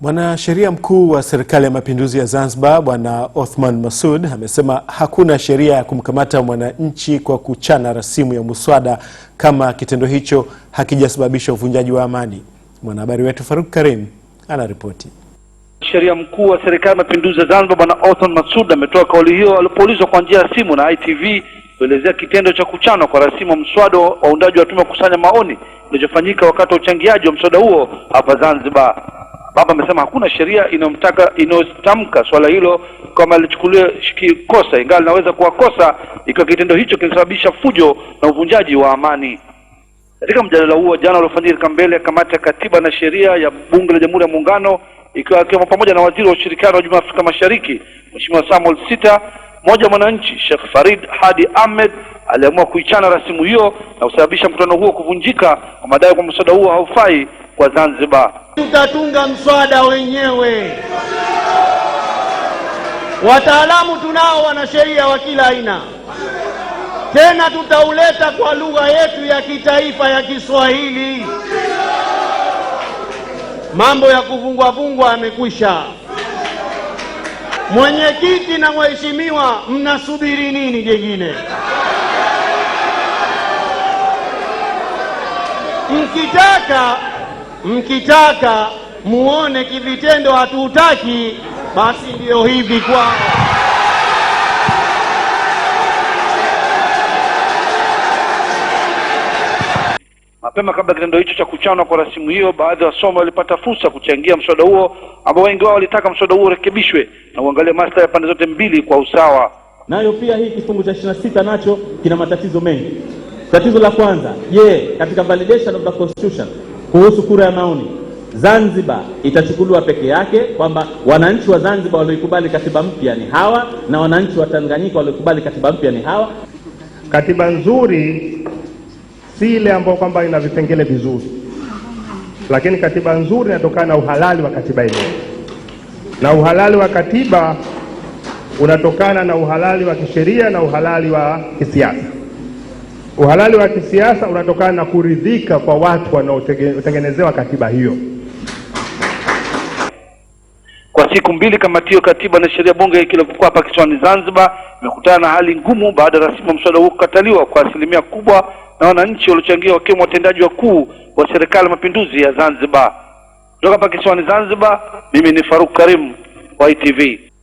Mwanasheria mkuu wa Serikali ya Mapinduzi ya Zanzibar Bwana Othman masud amesema hakuna sheria ya kumkamata mwananchi kwa kuchana rasimu ya muswada kama kitendo hicho hakijasababisha uvunjaji wa amani. Mwanahabari wetu Faruk Karim anaripoti. Sheria mkuu wa Serikali ya Mapinduzi ya Zanzibar Bwana Othman masud ametoa kauli hiyo alipoulizwa kwa njia ya simu na ITV kuelezea kitendo cha kuchanwa kwa rasimu ya mswada wa wa tume ya kukusanya maoni kilichofanyika wakati wa uchangiaji wa mswada huo hapa Zanzibar. Baba amesema hakuna sheria inayomtaka inayotamka swala hilo kama lichukuliwe kosa, ingawa linaweza kuwa kosa ikiwa kitendo hicho kinasababisha fujo na uvunjaji wa amani. Katika mjadala huo jana uliofanyika mbele ya kamati ya katiba na sheria ya bunge la Jamhuri ya Muungano, ikiwa akiwemo pamoja na waziri wa ushirikiano wa Jumuiya Afrika Mashariki Mheshimiwa Samuel Sita, mmoja mwananchi Sheikh Farid Hadi Ahmed aliamua kuichana rasimu hiyo na kusababisha mkutano huo kuvunjika kwa madai kwamba mswada huo haufai kwa Zanzibar. Tutatunga mswada wenyewe, wataalamu tunao, wana sheria wa kila aina, tena tutauleta kwa lugha yetu ya kitaifa ya Kiswahili. Mambo ya kuvungwavungwa yamekwisha. Mwenyekiti na mheshimiwa, mnasubiri nini jengine? mkitaka mkitaka muone kivitendo hatutaki, basi ndiyo hivi kwao. Mapema kabla kitendo hicho cha kuchanwa kwa rasimu hiyo, baadhi ya wasomi walipata fursa kuchangia mswada huo ambao wengi wao walitaka mswada huo urekebishwe na uangalie maslahi ya pande zote mbili kwa usawa. Nayo pia hii kifungu cha ishirini na sita nacho kina matatizo mengi. Tatizo la kwanza, je, katika validation of the constitution kuhusu kura ya maoni Zanzibar itachukuliwa peke yake kwamba wananchi wa Zanzibar walioikubali katiba mpya ni hawa na wananchi wa Tanganyika walioikubali katiba mpya ni hawa? Katiba nzuri si ile ambayo kwamba ina vipengele vizuri, lakini katiba nzuri inatokana na uhalali wa katiba yenyewe, na uhalali wa katiba unatokana na uhalali wa kisheria na uhalali wa kisiasa. Uhalali wa kisiasa unatokana na kuridhika kwa watu wanaotengenezewa katiba hiyo. Kwa siku mbili kamati hiyo katiba na sheria bunge ilipokuwa hapa kisiwani Zanzibar imekutana na hali ngumu baada ya rasimu mswada huu kukataliwa kwa asilimia kubwa na wananchi waliochangia wakiwemo watendaji wakuu wa serikali ya mapinduzi ya Zanzibar. Kutoka hapa kisiwani Zanzibar, mimi ni Faruk Karim wa ITV.